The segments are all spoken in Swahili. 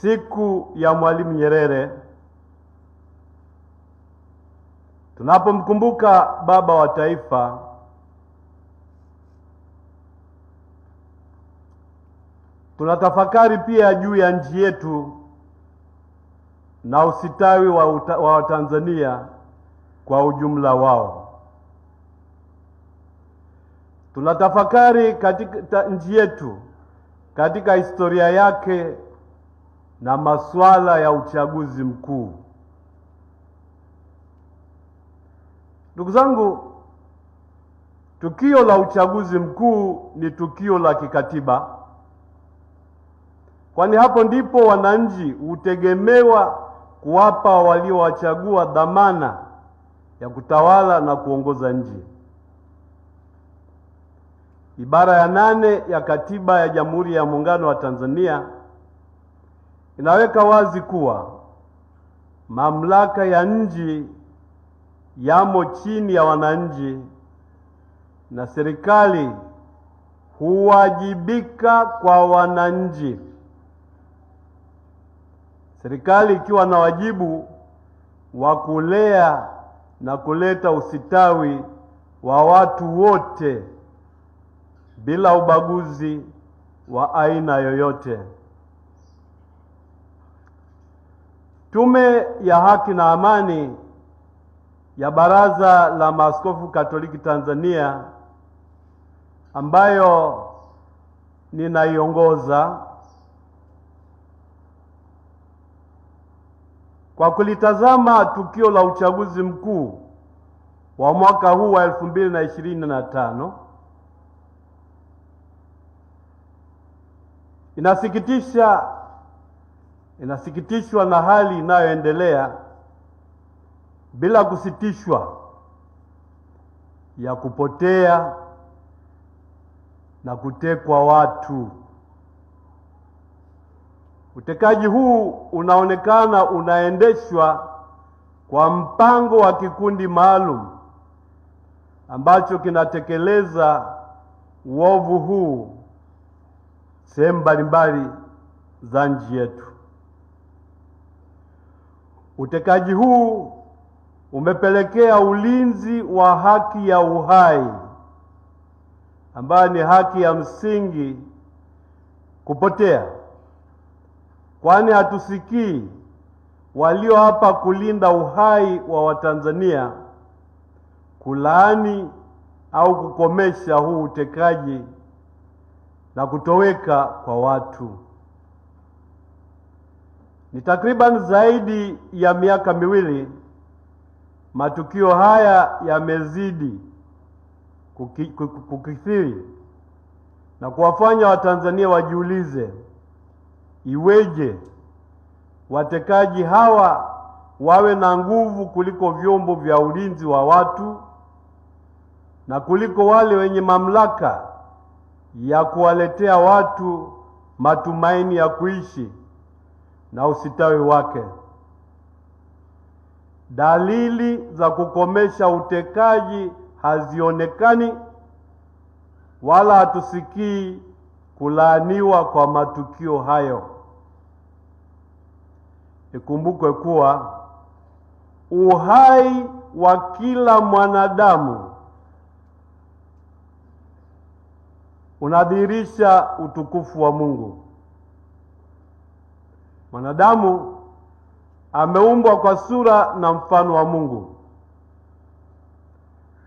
siku ya Mwalimu Nyerere, tunapomkumbuka baba wa taifa, tunatafakari pia juu ya nchi yetu na usitawi wa Watanzania kwa ujumla wao. Tunatafakari katika nchi yetu katika historia yake na masuala ya uchaguzi mkuu. Ndugu zangu, tukio la uchaguzi mkuu ni tukio la kikatiba, kwani hapo ndipo wananchi hutegemewa kuwapa waliowachagua dhamana ya kutawala na kuongoza nchi. Ibara ya nane ya Katiba ya Jamhuri ya Muungano wa Tanzania inaweka wazi kuwa mamlaka ya nchi yamo chini ya wananchi na serikali huwajibika kwa wananchi. Serikali ikiwa na wajibu wa kulea na kuleta usitawi wa watu wote bila ubaguzi wa aina yoyote. Tume ya Haki na Amani ya Baraza la Maaskofu Katoliki Tanzania ambayo ninaiongoza kwa kulitazama tukio la uchaguzi mkuu wa mwaka huu wa elfu mbili na ishirini na tano inasikitisha inasikitishwa na hali inayoendelea bila kusitishwa ya kupotea na kutekwa watu. Utekaji huu unaonekana unaendeshwa kwa mpango wa kikundi maalum ambacho kinatekeleza uovu huu sehemu mbalimbali za nchi yetu. Utekaji huu umepelekea ulinzi wa haki ya uhai ambayo ni haki ya msingi kupotea, kwani hatusikii walio hapa kulinda uhai wa Watanzania kulaani au kukomesha huu utekaji na kutoweka kwa watu. Ni takriban zaidi ya miaka miwili matukio haya yamezidi kukithiri na kuwafanya Watanzania wajiulize iweje watekaji hawa wawe na nguvu kuliko vyombo vya ulinzi wa watu na kuliko wale wenye mamlaka ya kuwaletea watu matumaini ya kuishi na usitawi wake. Dalili za kukomesha utekaji hazionekani wala hatusikii kulaaniwa kwa matukio hayo. Ikumbukwe kuwa uhai wa kila mwanadamu unadhihirisha utukufu wa Mungu. Mwanadamu ameumbwa kwa sura na mfano wa Mungu.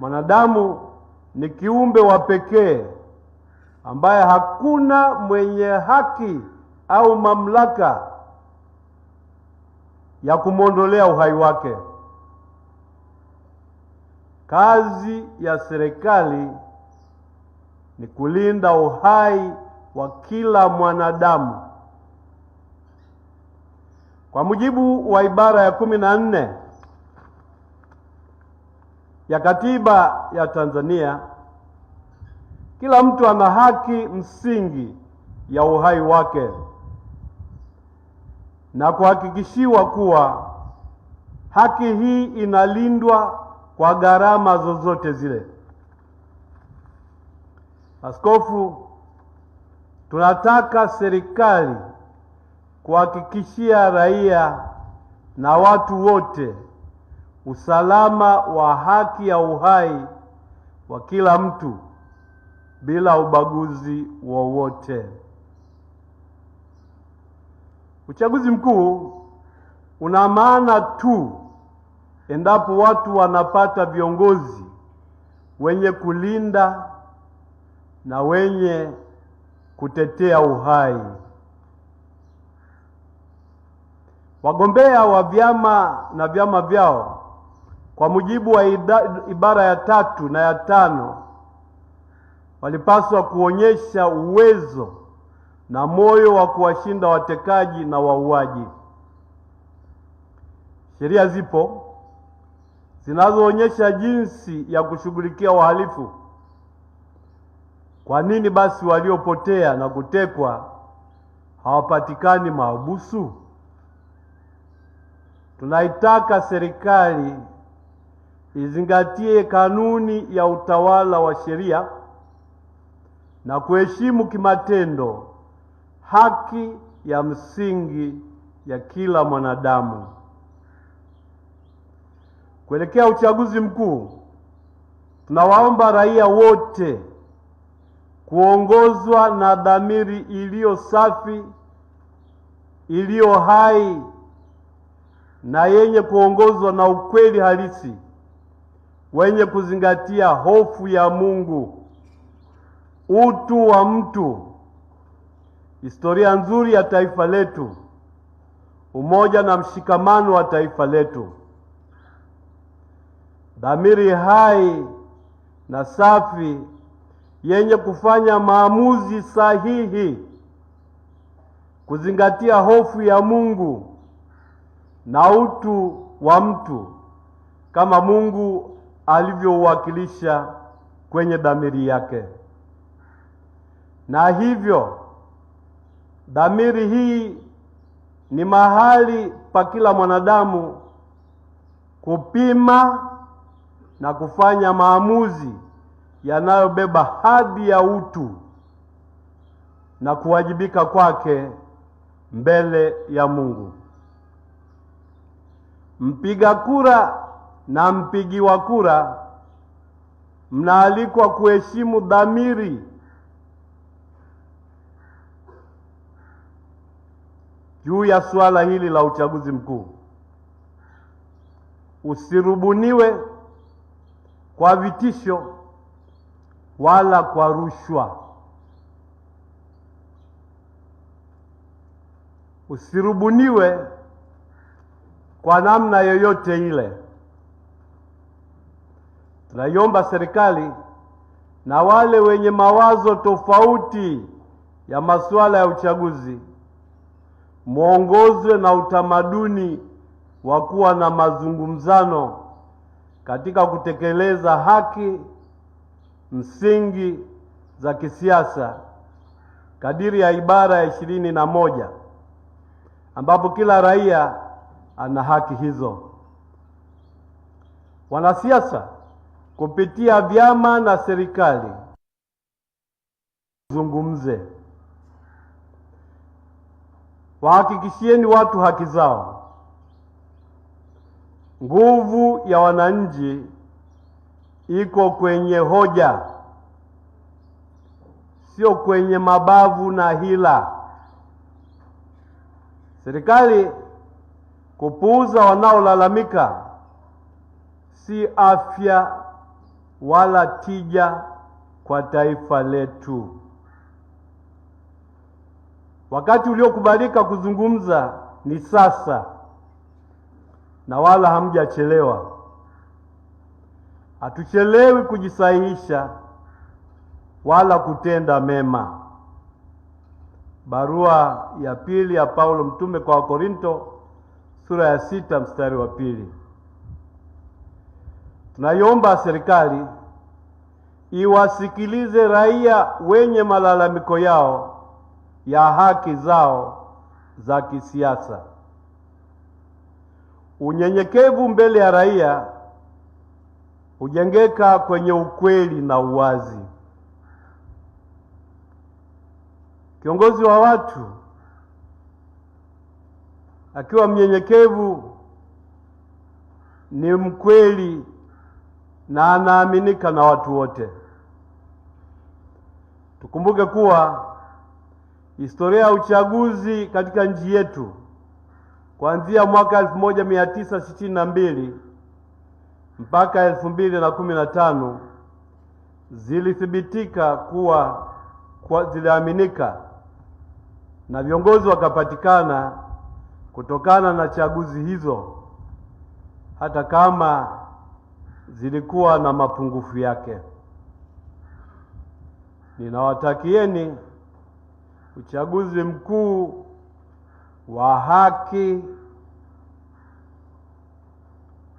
Mwanadamu ni kiumbe wa pekee ambaye hakuna mwenye haki au mamlaka ya kumwondolea uhai wake. Kazi ya serikali ni kulinda uhai wa kila mwanadamu. Kwa mujibu wa ibara ya kumi na nne ya katiba ya Tanzania, kila mtu ana haki msingi ya uhai wake na kuhakikishiwa kuwa haki hii inalindwa kwa gharama zozote zile. Askofu, tunataka serikali kuhakikishia raia na watu wote usalama wa haki ya uhai wa kila mtu bila ubaguzi wowote. Uchaguzi mkuu una maana tu endapo watu wanapata viongozi wenye kulinda na wenye kutetea uhai. Wagombea wa vyama na vyama vyao kwa mujibu wa ibara ya tatu na ya tano walipaswa kuonyesha uwezo na moyo wa kuwashinda watekaji na wauaji. Sheria zipo zinazoonyesha jinsi ya kushughulikia wahalifu. Kwa nini basi waliopotea na kutekwa hawapatikani mahabusu? Tunaitaka serikali izingatie kanuni ya utawala wa sheria na kuheshimu kimatendo haki ya msingi ya kila mwanadamu. Kuelekea uchaguzi mkuu, tunawaomba raia wote kuongozwa na dhamiri iliyo safi, iliyo hai na yenye kuongozwa na ukweli halisi, wenye kuzingatia hofu ya Mungu, utu wa mtu, historia nzuri ya taifa letu, umoja na mshikamano wa taifa letu. Dhamiri hai na safi yenye kufanya maamuzi sahihi, kuzingatia hofu ya Mungu na utu wa mtu kama Mungu alivyouwakilisha kwenye dhamiri yake. Na hivyo dhamiri hii ni mahali pa kila mwanadamu kupima na kufanya maamuzi yanayobeba hadhi ya utu na kuwajibika kwake mbele ya Mungu. Mpiga kura na mpigiwa kura mnaalikwa kuheshimu dhamiri, juu ya suala hili la uchaguzi mkuu. Usirubuniwe kwa vitisho wala kwa rushwa. Usirubuniwe kwa namna yoyote ile. Tunaiomba serikali na wale wenye mawazo tofauti ya masuala ya uchaguzi mwongozwe na utamaduni wa kuwa na mazungumzano katika kutekeleza haki msingi za kisiasa kadiri ya ibara ya ishirini na moja ambapo kila raia ana haki hizo. Wanasiasa kupitia vyama na serikali zungumze, wahakikishieni watu haki zao. Nguvu ya wananchi iko kwenye hoja, sio kwenye mabavu na hila. Serikali Kupuuza wanaolalamika si afya wala tija kwa taifa letu. Wakati uliokubalika kuzungumza ni sasa, na wala hamjachelewa. Hatuchelewi kujisahihisha wala kutenda mema. Barua ya pili ya Paulo mtume kwa Wakorinto sura ya sita mstari wa pili. Tunaiomba serikali iwasikilize raia wenye malalamiko yao ya haki zao za kisiasa. Unyenyekevu mbele ya raia hujengeka kwenye ukweli na uwazi. Kiongozi wa watu akiwa mnyenyekevu ni mkweli na anaaminika na watu wote. Tukumbuke kuwa historia ya uchaguzi katika nchi yetu kuanzia mwaka elfu moja mia tisa sitini na mbili mpaka elfu mbili na na kumi tano zilithibitika kuwa, kuwa ziliaminika na viongozi wakapatikana kutokana na chaguzi hizo, hata kama zilikuwa na mapungufu yake. Ninawatakieni uchaguzi mkuu wa haki,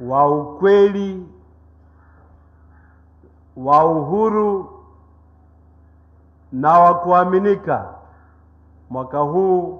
wa ukweli, wa uhuru na wa kuaminika mwaka huu